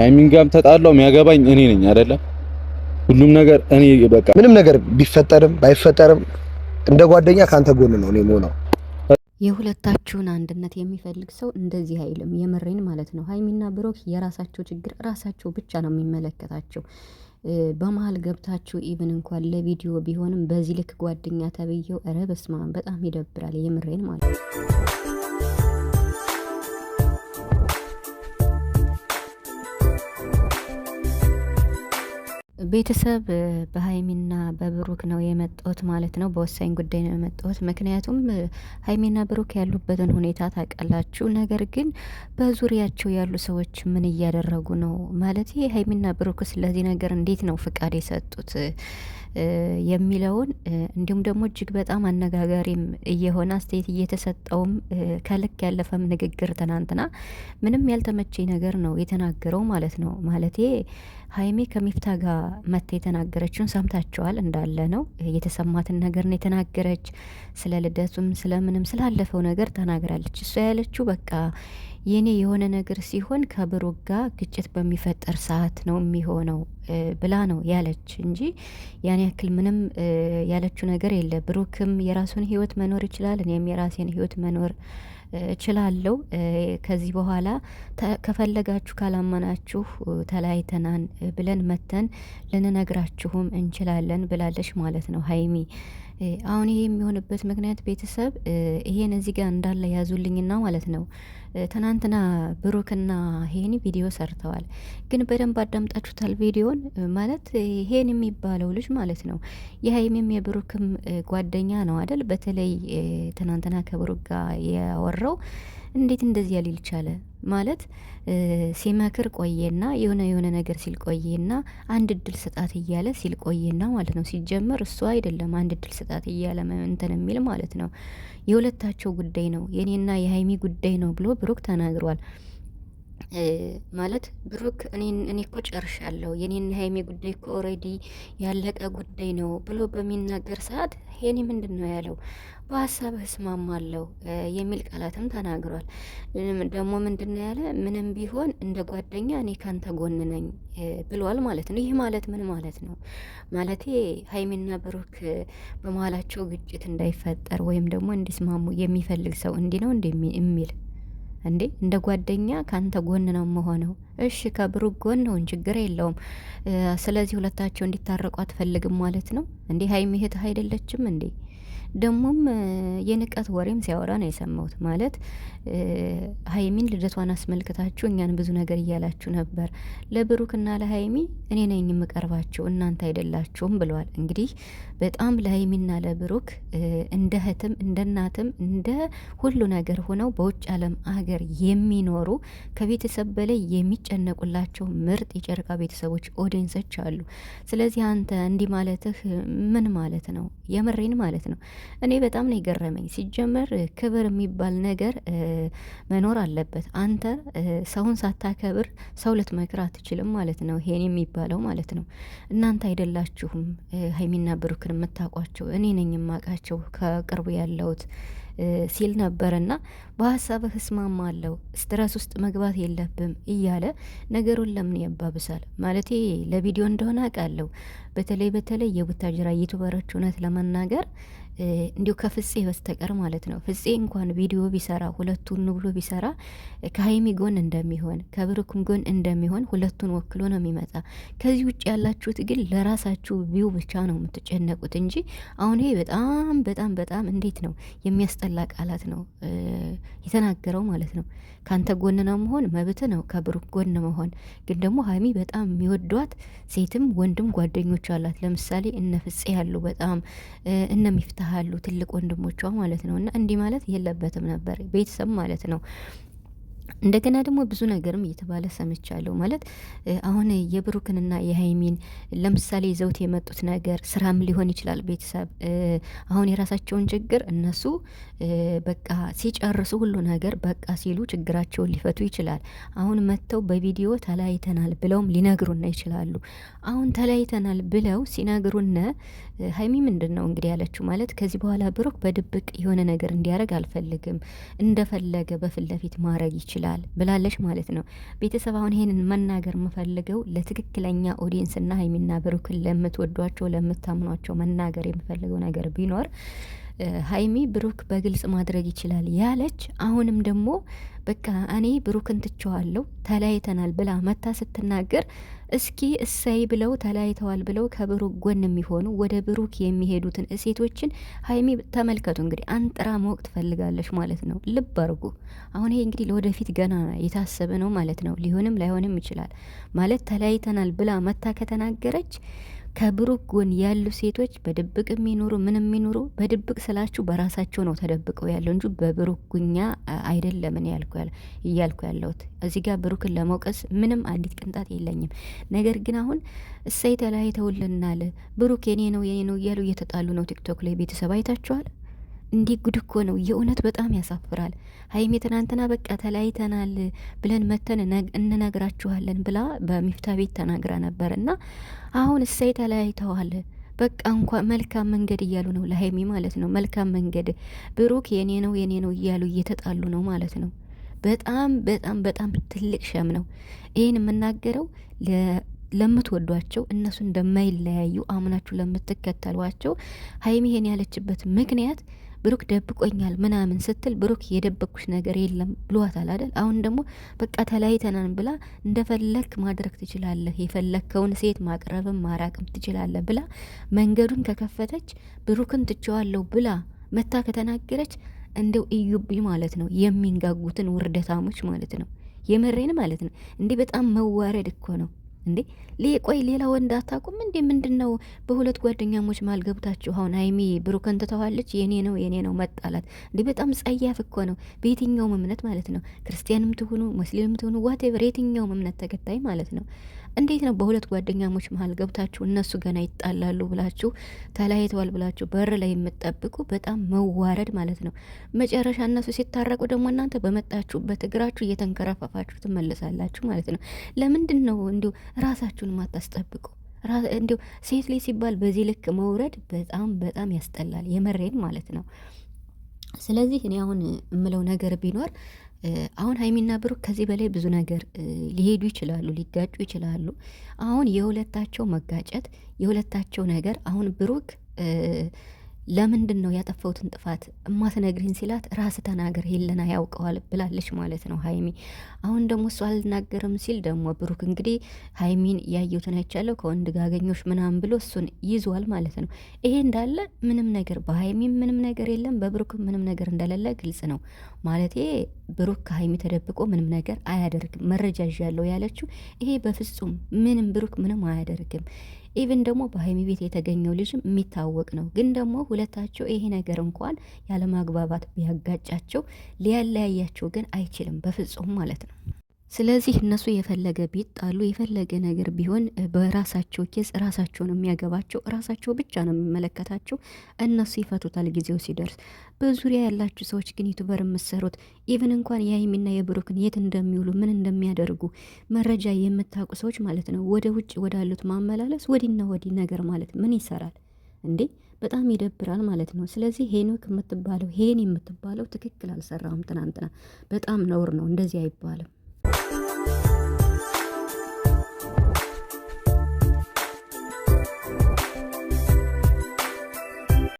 ሀይሚን ጋም ተጣላው የሚያገባኝ እኔ ነኝ አይደለም። ሁሉም ነገር እኔ በቃ ምንም ነገር ቢፈጠርም ባይፈጠርም እንደ ጓደኛ ካንተ ጎን ነው እኔ የምሆነው። የሁለታችሁን አንድነት የሚፈልግ ሰው እንደዚህ አይልም። የምሬን ማለት ነው። ሀይሚና ብሮክ የራሳቸው ችግር ራሳቸው ብቻ ነው የሚመለከታቸው። በመሀል ገብታችሁ ኢቭን እንኳን ለቪዲዮ ቢሆንም በዚህ ልክ ጓደኛ ተብዬው፣ ኧረ በስመ አብ በጣም ይደብራል። የምሬን ማለት ነው። ቤተሰብ በሀይሚና በብሩክ ነው የመጣሁት ማለት ነው። በወሳኝ ጉዳይ ነው የመጣሁት። ምክንያቱም ሀይሚና ብሩክ ያሉበትን ሁኔታ ታውቃላችሁ። ነገር ግን በዙሪያቸው ያሉ ሰዎች ምን እያደረጉ ነው ማለት ሀይሚና ብሩክ ስለዚህ ነገር እንዴት ነው ፍቃድ የሰጡት? የሚለውን እንዲሁም ደግሞ እጅግ በጣም አነጋጋሪም እየሆነ አስተያየት እየተሰጠውም ከልክ ያለፈም ንግግር ትናንትና ምንም ያልተመቼ ነገር ነው የተናገረው ማለት ነው። ማለቴ ሀይሜ ከሚፍታ ጋር መታ የተናገረችውን ሰምታችኋል። እንዳለ ነው የተሰማትን ነገር ነው የተናገረች። ስለ ልደቱም ስለምንም ስላለፈው ነገር ተናግራለች። እሷ ያለችው በቃ የኔ የሆነ ነገር ሲሆን ከብሩክ ጋር ግጭት በሚፈጠር ሰዓት ነው የሚሆነው ብላ ነው ያለች እንጂ ያን ያክል ምንም ያለችው ነገር የለ። ብሩክም የራሱን ህይወት መኖር ይችላል፣ እኔም የራሴን ህይወት መኖር እችላለሁ። ከዚህ በኋላ ከፈለጋችሁ ካላመናችሁ ተለያይተናን ብለን መተን ልንነግራችሁም እንችላለን ብላለች ማለት ነው ሀይሚ አሁን ይሄ የሚሆንበት ምክንያት ቤተሰብ ይሄን እዚህ ጋር እንዳለ ያዙልኝና ማለት ነው። ትናንትና ብሩክና ሄኒ ቪዲዮ ሰርተዋል፣ ግን በደንብ አዳምጣችሁታል ቪዲዮን። ማለት ሄን የሚባለው ልጅ ማለት ነው የሀይሚም የብሩክም ጓደኛ ነው አደል? በተለይ ትናንትና ከብሩክ ጋር ያወራው እንዴት እንደዚያ ያሊል ቻለ? ማለት ሲመክር ቆየና የሆነ የሆነ ነገር ሲል ቆየና አንድ እድል ስጣት እያለ ሲል ቆየና ማለት ነው። ሲጀመር እሱ አይደለም አንድ እድል ስጣት እያለ እንትን የሚል ማለት ነው። የሁለታቸው ጉዳይ ነው፣ የእኔና የሀይሚ ጉዳይ ነው ብሎ ብሩክ ተናግሯል። ማለት ብሩክ እኔ እኮ ጨርሻለሁ የኔን ሀይሜ ጉዳይ እኮ ኦልሬዲ ያለቀ ጉዳይ ነው ብሎ በሚናገር ሰዓት ሄኒ ምንድን ነው ያለው? በሀሳብ እስማማለሁ የሚል ቃላትም ተናግሯል። ደግሞ ምንድን ነው ያለ? ምንም ቢሆን እንደ ጓደኛ እኔ ካንተ ጎን ነኝ ብሏል ማለት ነው። ይህ ማለት ምን ማለት ነው? ማለቴ ሀይሜና ብሩክ በመሀላቸው ግጭት እንዳይፈጠር ወይም ደግሞ እንዲስማሙ የሚፈልግ ሰው እንዲህ ነው እንዲህ የሚል እንዴ እንደ ጓደኛ ካንተ ጎን ነው መሆነው። እሺ ከብሩክ ጎን ነው ችግር የለውም። ስለዚህ ሁለታቸው እንዲታረቁ አትፈልግም ማለት ነው እንዴ? ሀይሚ እህት አይደለችም እንዴ? ደግሞም የንቀት ወሬም ሲያወራ ነው የሰማሁት። ማለት ሀይሚን ልደቷን አስመልክታችሁ እኛን ብዙ ነገር እያላችሁ ነበር። ለብሩክና ለሀይሚ እኔ ነኝ የምቀርባችሁ እናንተ አይደላችሁም ብለዋል። እንግዲህ በጣም ለሀይሚና ለብሩክ እንደ እህትም እንደ እናትም እንደ ሁሉ ነገር ሆነው በውጭ ዓለም አገር የሚኖሩ ከቤተሰብ በላይ የሚጨነቁላቸው ምርጥ የጨረቃ ቤተሰቦች ኦዲንሶች አሉ። ስለዚህ አንተ እንዲህ ማለትህ ምን ማለት ነው? የምሬን ማለት ነው። እኔ በጣም ነው የገረመኝ። ሲጀመር ክብር የሚባል ነገር መኖር አለበት። አንተ ሰውን ሳታከብር ሰው ልትመክር አትችልም ማለት ነው። ይሄን የሚባለው ማለት ነው። እናንተ አይደላችሁም ሀይሚና ብሩክን የምታውቋቸው፣ እኔ ነኝ የማውቃቸው ከቅርቡ ያለሁት ሲል ነበርና በሀሳብህ እስማማለሁ፣ ስትረስ ውስጥ መግባት የለብም እያለ ነገሩን ለምን ያባብሳል? ማለት ለቪዲዮ እንደሆነ አውቃለሁ። በተለይ በተለይ የቡታጅራ ዩቱበሮች እውነት ለመናገር እንዲሁ ከፍጼ በስተቀር ማለት ነው። ፍጼ እንኳን ቪዲዮ ቢሰራ ሁለቱን ብሎ ቢሰራ ከሀይሚ ጎን እንደሚሆን ከብሩክም ጎን እንደሚሆን ሁለቱን ወክሎ ነው የሚመጣ። ከዚህ ውጭ ያላችሁት ግን ለራሳችሁ ቪው ብቻ ነው የምትጨነቁት እንጂ አሁን ይሄ በጣም በጣም በጣም እንዴት ነው የሚያስጠላ ቃላት ነው የተናገረው ማለት ነው። ከአንተ ጎን ነው መሆን መብት ነው፣ ከብሩክ ጎን መሆን ግን ደግሞ ሀይሚ በጣም የሚወዷት ሴትም ወንድም ጓደኞች አላት። ለምሳሌ እነ ፍጼ ያሉ በጣም እነ ሚፍታ አሉ ትልቅ ወንድሞቿ ማለት ነው። እና እንዲህ ማለት የለበትም ነበር ቤተሰብ ማለት ነው። እንደገና ደግሞ ብዙ ነገርም እየተባለ ሰምቻለሁ። ማለት አሁን የብሩክንና የሀይሚን ለምሳሌ ይዘውት የመጡት ነገር ስራም ሊሆን ይችላል። ቤተሰብ አሁን የራሳቸውን ችግር እነሱ በቃ ሲጨርሱ ሁሉ ነገር በቃ ሲሉ ችግራቸውን ሊፈቱ ይችላል። አሁን መጥተው በቪዲዮ ተለያይተናል ብለውም ሊነግሩና ይችላሉ። አሁን ተለያይተናል ብለው ሲነግሩነ ሀይሚ ምንድን ነው እንግዲህ ያለችው ማለት ከዚህ በኋላ ብሩክ በድብቅ የሆነ ነገር እንዲያደርግ አልፈልግም፣ እንደፈለገ በፊት ለፊት ማድረግ ይችላል ይችላል ብላለች ማለት ነው። ቤተሰብ አሁን ይሄንን መናገር የምፈልገው ለትክክለኛ ኦዲየንስና ሀይሚና ብሩክን ለምትወዷቸው ለምታምኗቸው መናገር የምፈልገው ነገር ቢኖር ሀይሚ ብሩክ በግልጽ ማድረግ ይችላል ያለች፣ አሁንም ደግሞ በቃ እኔ ብሩክን ትቸዋለሁ ተለያይተናል ብላ መታ ስትናገር እስኪ እሰይ ብለው ተለያይተዋል ብለው ከብሩክ ጎን የሚሆኑ ወደ ብሩክ የሚሄዱትን እሴቶችን ሀይሚ ተመልከቱ። እንግዲህ አንጥራ መወቅ ትፈልጋለች ማለት ነው። ልብ አርጉ። አሁን ይሄ እንግዲህ ለወደፊት ገና የታሰበ ነው ማለት ነው። ሊሆንም ላይሆንም ይችላል ማለት ተለያይተናል ብላ መታ ከተናገረች ከብሩክ ጎን ያሉ ሴቶች በድብቅ የሚኖሩ ምንም የሚኖሩ በድብቅ ስላችሁ በራሳቸው ነው ተደብቀው ያለው እንጂ በብሩክ ጉኛ አይደለምን እያልኩ ያለሁት እዚህ ጋር ብሩክን ለመውቀስ ምንም አንዲት ቅንጣት የለኝም። ነገር ግን አሁን እሰይ ተለያይተውልናል ብሩክ የኔ ነው የኔ ነው እያሉ እየተጣሉ ነው። ቲክቶክ ላይ ቤተሰብ አይታችኋል። እንዴ ጉድ እኮ ነው የእውነት በጣም ያሳፍራል። ሀይሜ ትናንትና በቃ ተለያይተናል ብለን መተን እንነግራችኋለን ብላ በሚፍታ ቤት ተናግራ ነበር እና አሁን እሰይ ተለያይተዋል በቃ እንኳ መልካም መንገድ እያሉ ነው ለሀይሜ ማለት ነው። መልካም መንገድ ብሩክ የኔ ነው የኔ ነው እያሉ እየተጣሉ ነው ማለት ነው። በጣም በጣም በጣም ትልቅ ሸም ነው። ይህን የምናገረው ለምትወዷቸው እነሱ እንደማይለያዩ አምናችሁ ለምትከተሏቸው ሀይሜ ይሄን ያለችበት ምክንያት ብሩክ ደብቆኛል ምናምን ስትል ብሩክ የደበቅኩሽ ነገር የለም ብሏታል አይደል? አሁን ደግሞ በቃ ተለያይተናን ብላ እንደፈለክ ማድረግ ትችላለህ፣ የፈለከውን ሴት ማቅረብም ማራቅም ትችላለህ ብላ መንገዱን ከከፈተች ብሩክን ትቸዋለሁ ብላ መታ ከተናገረች እንደው እዩብ ማለት ነው የሚንጋጉትን ውርደታሞች ማለት ነው። የመሬን ማለት ነው እንዲህ በጣም መዋረድ እኮ ነው። እንዴ ቆይ ሌላ ወንድ አታቁም እንዴ? ምንድን ነው በሁለት ጓደኛሞች መሀል ገብታችሁ? አሁን ሀይሚ ብሩክን ትተዋለች። የኔ ነው የኔ ነው መጣላት እንዴ በጣም ጸያፍ እኮ ነው። በየትኛውም እምነት ማለት ነው ክርስቲያንም ትሁኑ ሙስሊምም ትሁኑ ዋቴቨር የትኛውም እምነት ተከታይ ማለት ነው እንዴት ነው በሁለት ጓደኛሞች መሀል ገብታችሁ እነሱ ገና ይጣላሉ ብላችሁ ተለያይተዋል ብላችሁ በር ላይ የምትጠብቁ በጣም መዋረድ ማለት ነው። መጨረሻ እነሱ ሲታረቁ ደግሞ እናንተ በመጣችሁበት እግራችሁ እየተንከረፋፋችሁ ትመለሳላችሁ ማለት ነው። ለምንድን ነው እንዲሁ ራሳችሁን ማታስጠብቁ? እንዲሁ ሴት ልጅ ሲባል በዚህ ልክ መውረድ በጣም በጣም ያስጠላል። የመሬን ማለት ነው። ስለዚህ እኔ አሁን የምለው ነገር ቢኖር አሁን ሀይሚና ብሩክ ከዚህ በላይ ብዙ ነገር ሊሄዱ ይችላሉ፣ ሊጋጩ ይችላሉ። አሁን የሁለታቸው መጋጨት የሁለታቸው ነገር አሁን ብሩክ ለምንድን ነው ያጠፋሁትን ጥፋት እማትነግሪኝ ሲላት ራስ ተናገር ሄለና ያውቀዋል ብላለች ማለት ነው ሀይሚ። አሁን ደግሞ እሱ አልናገርም ሲል ደግሞ ብሩክ እንግዲህ ሀይሚን ያየሁትን አይቻለሁ ከወንድ ጋገኞች ምናምን ብሎ እሱን ይዟል ማለት ነው። ይሄ እንዳለ ምንም ነገር በሀይሚም ምንም ነገር የለም በብሩክ ምንም ነገር እንደሌለ ግልጽ ነው ማለት ብሩክ ከሀይሚ ተደብቆ ምንም ነገር አያደርግም መረጃ ያለው ያለችው ይሄ በፍጹም ምንም ብሩክ ምንም አያደርግም። ኢቭን ደግሞ በሀይሚ ቤት የተገኘው ልጅም የሚታወቅ ነው። ግን ደግሞ ሁለታቸው ይሄ ነገር እንኳን ያለማግባባት ቢያጋጫቸው ሊያለያያቸው ግን አይችልም በፍጹም ማለት ነው። ስለዚህ እነሱ የፈለገ ቢጣሉ የፈለገ ነገር ቢሆን በራሳቸው ኬስ ራሳቸው ነው የሚያገባቸው፣ ራሳቸው ብቻ ነው የሚመለከታቸው። እነሱ ይፈቱታል ጊዜው ሲደርስ። በዙሪያ ያላችሁ ሰዎች ግን ዩቱበር የምትሰሩት ኢቭን እንኳን የሀይሚና የብሩክን የት እንደሚውሉ ምን እንደሚያደርጉ መረጃ የምታውቁ ሰዎች ማለት ነው ወደ ውጭ ወዳሉት ማመላለስ ወዲና ወዲህ ነገር ማለት ምን ይሰራል እንዴ? በጣም ይደብራል ማለት ነው። ስለዚህ ሄኖክ የምትባለው ሄን የምትባለው ትክክል አልሰራም። ትናንትና በጣም ነውር ነው። እንደዚህ አይባልም።